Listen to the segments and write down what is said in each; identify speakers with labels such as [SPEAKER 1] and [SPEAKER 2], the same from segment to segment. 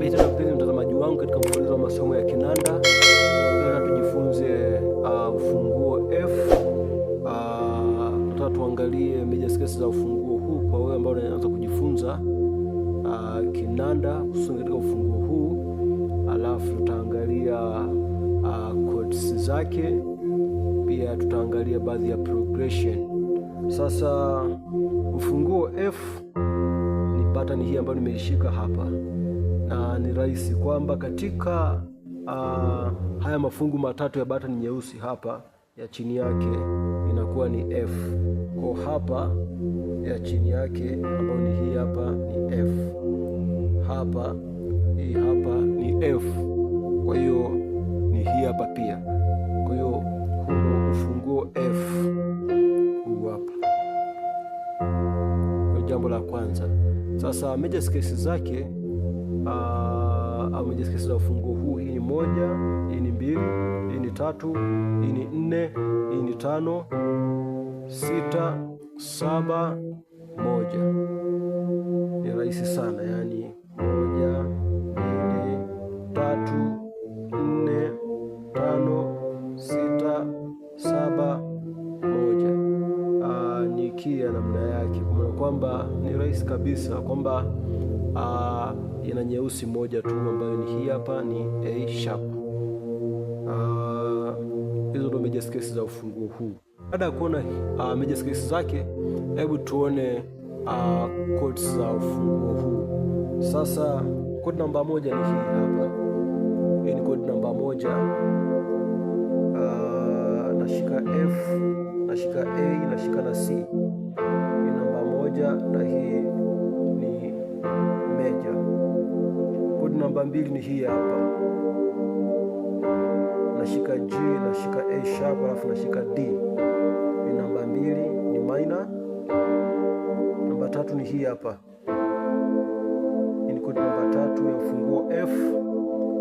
[SPEAKER 1] kabisa mpenzi mtazamaji wangu katika mfululizo wa masomo ya kinanda. Leo tujifunze uh, ufunguo F. uh, uh, tuangalie major scales za ufunguo huu kwa wewe ambao unaanza kujifunza uh, kinanda hususan katika ufunguo huu, alafu tutaangalia uh, chords zake, pia tutaangalia baadhi ya progression. Sasa ufunguo F ni pattern hii ambayo nimeishika hapa na ni rahisi kwamba katika uh, haya mafungu matatu ya batani nyeusi hapa ya chini yake inakuwa ni F. Kwa hapa ya chini yake ambayo ni hii hapa ni F, hapa hii hapa ni F, kwa hiyo ni hii hapa pia. Kwa hiyo huu ufunguo F huu hapa, kwa jambo la kwanza. Sasa major scales zake uh, ah, amejisikia za ufunguo huu. Hii ni moja, hii ni mbili, hii ni tatu, hii ni nne, hii ni tano, sita, saba, moja. Ni rahisi sana yani ya namna yake, kwa maana kwamba ni rahisi kabisa kwamba ah, ina nyeusi moja tu ambayo ni hii hapa, ni A sharp. Ah, hizo ndo ndio major scales za ufunguo huu. Baada ya kuona uh, major scales zake, hebu tuone uh, chords za ufunguo huu. Sasa chord namba moja ni hii hapa, hii ni chord namba moja. Uh, nashika F nashika A nashika na C ni namba moja, na hii ni meja. Kodi namba mbili ni hii hapa, nashika G nashika A sharp alafu nashika D ni namba mbili, ni minor. Namba tatu ni hii hapa, ni kodi namba tatu ya mfunguo F,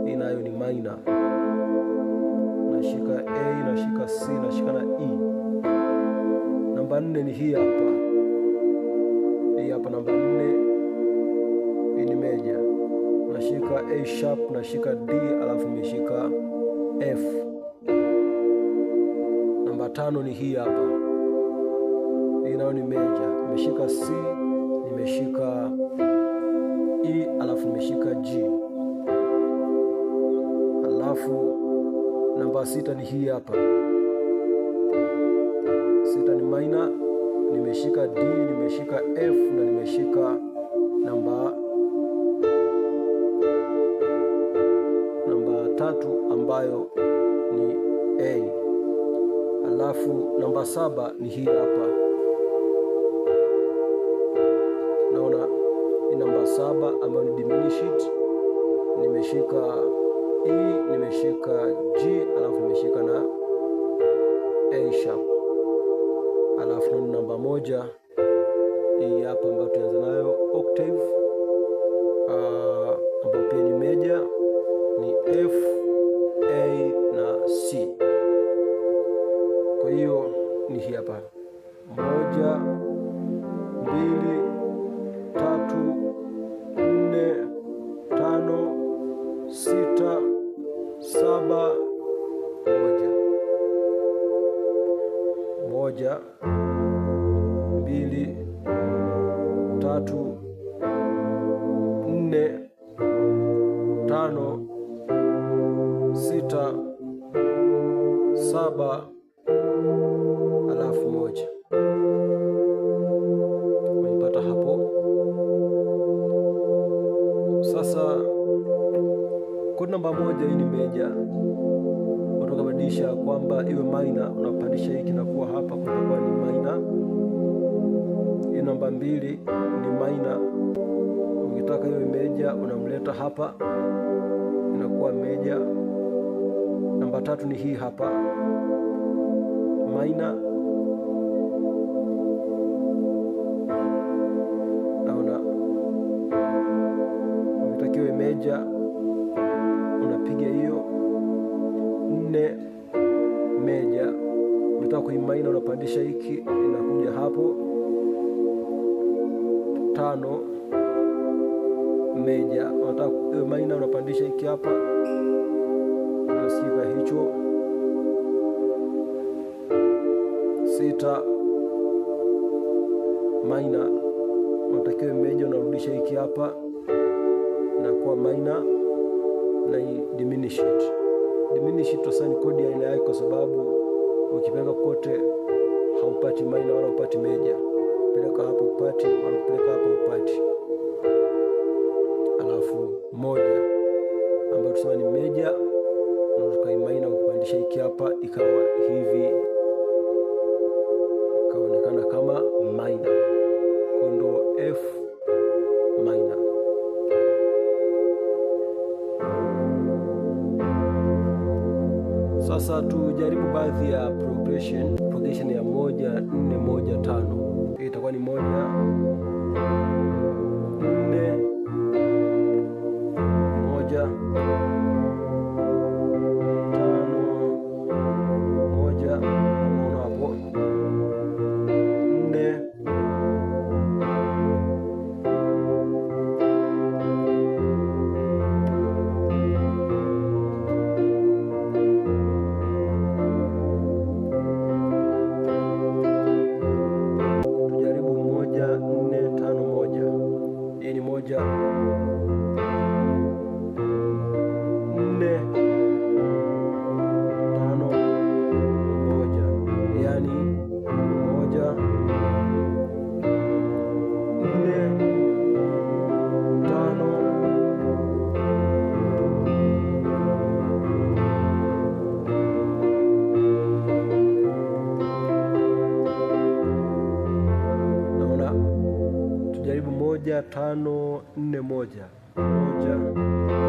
[SPEAKER 1] inayo ni minor. Nashika A nashika C nashika na E namba nne ni hii hapa, hii hapa namba nne, hii ni meja. Nashika A sharp, nashika D alafu umeshika F. Namba tano ni hii hapa, hii nayo ni meja. Nimeshika C, nimeshika E alafu nimeshika G, alafu namba sita ni hii hapa minor, nimeshika D, nimeshika F na nimeshika namba namba tatu ambayo ni A. Alafu namba saba ni hii hapa, naona ni namba saba ambayo ni diminished, nimeshika E, nimeshika G alafu nimeshika na A sharp tununi namba moja hii hapa ambayo tunaanza nayo octave, ah, ambayo pia ni meja, ni F, A na C. Kwa hiyo ni hii hapa moja, mbili, tatu, nne, tano, sita, saba, moja moja tano sita saba alafu moja. Umeipata hapo? Sasa kodi namba moja hii ni meja, utakabadilisha kwamba iwe maina, unapandisha hiki kinakuwa hapa, kutakuwa ni maina. Hii namba mbili ni maina, ukitaka iwe meja unamleta hapa wa meja. Namba tatu ni hii hapa maina, naona unatakiwe meja, unapiga hiyo nne meja, unataka maina, unapandisha hiki, inakuja hapo tano meja, unataka eh, maina, unapandisha hiki hapa na hicho sita maina, unatakiwa meja, unarudisha hiki hapa na kwa maina na diminish it. Diminish it tosani kodi ya aina yake, kwa sababu ukipeleka kote haupati maina wala upati meja. Peleka hapo upati, wala peleka hapo upati moja ambayo tunasema ni meja, na tukaimaina kupandisha hiki hapa ikawa hivi, ikaonekana kama minor, ndo F minor. Sasa tujaribu baadhi ya progression. Progression ya moja nne moja tano itakuwa ni moja moja tano nne moja moja